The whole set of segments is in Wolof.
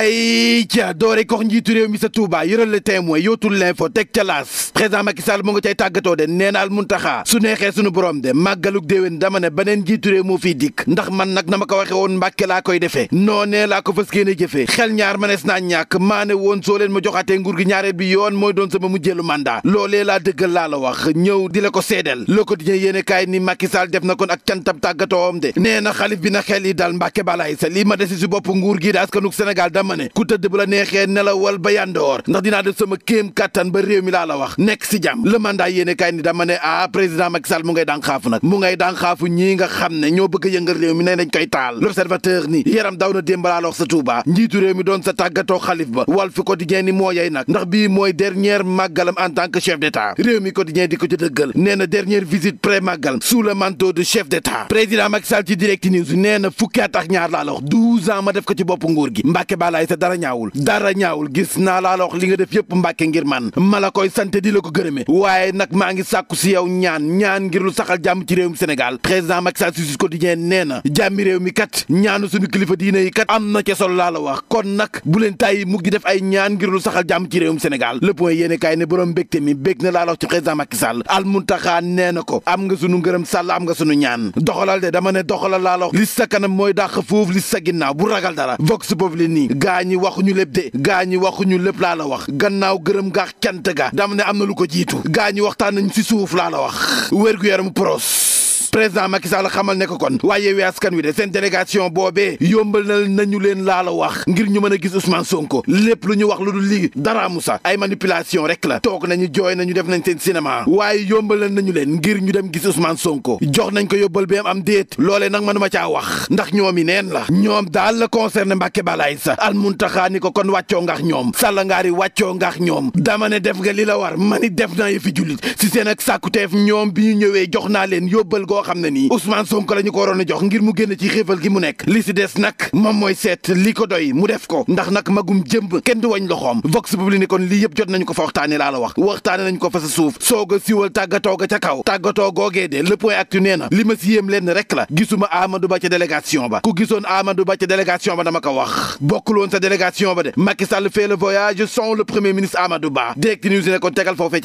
ay ca doore kox njiitu réew mi sa Touba yëral le témoin yootul l'info teg ca laas président Macky Sall mu ngi cay tàggatoo de nee naal Muntaxa su neexee sunu borom de màggaluk déwén dama ne njiitu réew moo fiy dikk ndax man nag na ma ko waxe woon Mbàkke laa koy defee noo laa ko fas yéene jëfee xel ñaar manees naa ñàkk maa woon soo leen ma joxaatee nguur gi ñaareel bi yoon mooy doon sama mujjeelu mandat loolee laa dëggal laa la wax ñëw di la ko seedeel Le Quotidien kaay ni Macky Sall def na kon ak cantab tàggatoowam de na xalif bi na xel yi dal Mbàkke balaay sa lii ma desi si bopp nguur gi da askanuk Sénégal dama ma ne ku tëdd bu la neexee nelawal ba yandoor ndax dinaa def sama kéem kàttan ba réew mi laa la wax nekk si jàmm le mandat yéene ni dama ne ah président Macky mu ngay daan xaafu nag mu ngay daan xaafu ñii nga xam ne ñoo bëgg a yëngal réew mi ne nañ koy taal l'observateur ni yaram daw na démb laa la wax sa Touba njiitu réew mi doon sa tàggatoo xalif ba Walf Quotidien ni moo yey nag ndax bii mooy dernière màggalam en tant chef d'état réew mi de chef d'état président Macky Sall ci direct news nee na fukki at ak ñaar laa laa taalaay te dara ñaawul dara ñaawul gis naa laa la wax li nga def yëpp mbàkke ngir man ma la koy sant di la ko gërëme waaye nag maa ngi sàkku si yow ñaan ñaan ngir lu saxal jàmm ci réewum Sénégal président Macky Sall si Sud Quotidien nee na jàmmi réew mi kat ñaanu suñu kilifa diine yi kat am na ca solo laa la wax kon nag bu leen tàyyi mukk di def ay ñaan ngir lu saxal jàmm ci réewum Sénégal le point yéene kaay ne borom mbégte mi bég na laa la wax ci président Macky Sall al muntaxaa nee na ko am nga sunu ngërëm sàll am nga sunu ñaan doxalal de dama ne doxalal laa la wax li mooy dàq foofu sa ginnaaw bu ragal dara vox populi nii gaa ñi waxuñu lépp de gaa ñi waxuñu lépp laa la wax gannaaw gërëm gaax cant ga dam ne am na lu ko jiitu gaa ñi waxtaan nañu ci suuf laa la wax wér gu yaram pros président Macky Sall xamal ne ko kon waaye Yewwi Askan Wi de seen délégation boobee yombal na nañu leen laa la wax ngir ñu mën a gis Ousmane Sonko lépp lu ñu wax lu dul lii dara amu sax ay manipulation rek la toog nañu jooy nañu def nañ seen cinéma waaye yombal nañu leen ngir ñu dem gis Ousmane Sonko jox nañ ko yóbbal bi am am déet loolee nag mënuma caa wax ndax ñoom yi neen la ñoom daal la concerné Mbàkke balaay sa al muntaxaa ni ko kon wàccoo ngax ñoom sàlla wàccoo ngax ñoom dama ne def nga li la war mani def naa yëfi jullit si seen ak sàkkuteef ñoom bi ñu ñëwee jox naa leen yóbbal goo boo xam na nii Ousmane Sonko la ñu ko waroon a jox ngir mu génn ci xéefal gi mu nekk li si des nag moom mooy seet li ko doy mu def ko ndax nag magum jëmb kenn du wañ loxoom vox populi ni kon lii yëpp jot nañu ko fa waxtaane laa la wax waxtaane nañu ko fa sa suuf soog a siwal tàggatoo ca kaw tàggatoo googee de le point actu na li ma si yéem lenn rek la gisuma Amadou Ba ca délégation ba ku gisoon Amadou Ba ca délégation ba dama ko wax bokkul woon sa délégation ba de Ba direct news ne kon tegal foofee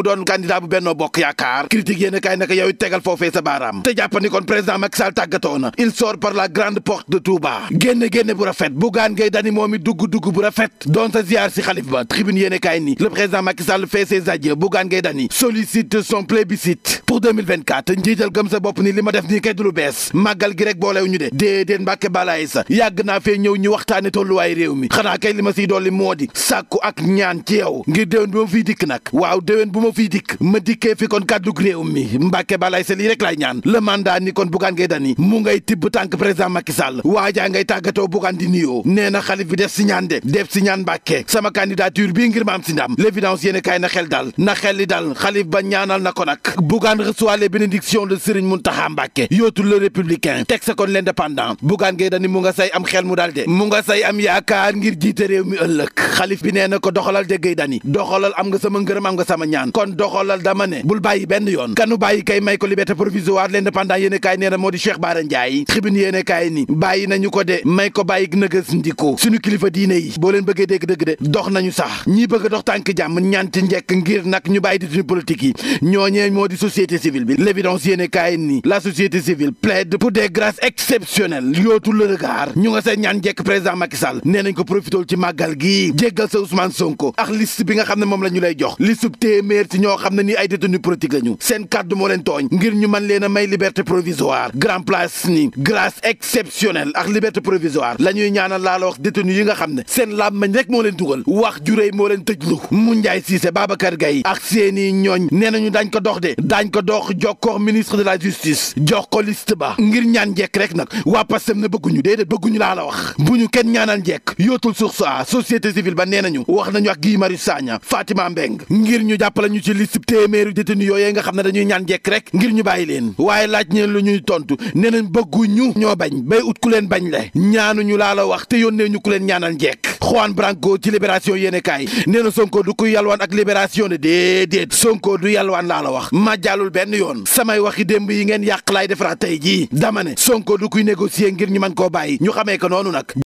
doon candidat bu Benno Dakar critique yéen a kaay naka yow tegal foofee sa baaraam te jàpp président Macky tàggatoo na il sort par la grande porte de Touba génne génne bu rafet Bougane Gueye Dany moom i dugg-dugg bu rafet doon sa ziar si xalif ba tribune yéen kaay ni le président Macky Sall fait ses adieux Bougane Gueye sollicite son plébiscite pour njiital gëm sa bopp ni li ma def nii kay du bees màggal gi rek boolew ñu de déedéet Mbàkke balaay sa kàddug réew mi Mbàkke balaay sa lii rek laay ñaan le mandat ni kon Bougane Gueye Dany mu ngay tibb tànk président Macky waajaa ngay tàggatoo Bougane di nuyoo nee xalif bi def si ñaan de def si ñaan Mbàkke sama candidature bii ngir ma am si ndam l'évidence yéen na xel dal na xel li dal xalif ba ñaanal na ko nag Bougane reçoit les bénédictions de Serigne Mountakha Mbàkke yootul le républicain teg sa kon l'indépendant Bougane Gueye Dany mu nga say am xel mu dal mu nga say am yaakaar ngir jiite réew mi ëllëg xalif ko doxalal de Gueye Dany doxalal nga sama ngërëm am bàyyi benn yoon kanu bàyyi kay may ko liberté provisoire l'indépendant yéen kaay nee moo di Cheikh Bara Ndiaye tribune yéen kaay ni bàyyi nañu ko de may ko bàyyi nëgës ndiko suñu kilifa diine yi boo leen bëggee dégg dëgg de dox nañu sax ñi bëgg dox tànk jàmm ñanti njekk ngir nag ñu bàyyi di suñu politique yi ñooñee moo di société civile bi l'évidence yéen kaay ni la société civile plaide pour des grâces exceptionnelles yootu le regard ñu nga seen ñaan njekk président Macky Sall nee nañ ko la ñu lay jox liste téeméer gañu seen kàddu moo leen tooñ ngir ñu mën leen a may liberté provisoire grand place ni grâce exceptionnelle ak liberté provisoire la ñuy ñaanal laa la wax détenu yi nga xam ne seen làmmañ rek moo leen dugal wax juréy moo leen tëjlu mu njaay siise Babacar Gaye ak seeni ñooñ nee nañu dañ ko dox de dañ ko dox jox ko ministre de la justice jox ko liste ba ngir ñaan njekk rek nag waa Pastef ne bëgguñu déedéet bëgguñu laa la wax bu ñu kenn ñaanal njekk yootul yooyee nga xam ne dañuy ñaan njekk rek ngir ñu bàyyi leen waaye laaj ñeen lu ñuy tontu nee nañ bëgguñu ñoo bañ bay ut ku leen bañ le ñaanuñu laa la wax te yónnee ñu ku leen ñaanal njekk Juan Branco ci libération yéene kaay nee na Sonko du kuy yalwaan ak libération de déedéet Sonko du yalwaan laa la wax ma jàllul benn yoon samay waxi démb yi ngeen yàq laay defaraat tey jii dama ne Sonko du kuy négocier ngir ñu man koo bàyyi ñu xamee ko noonu nag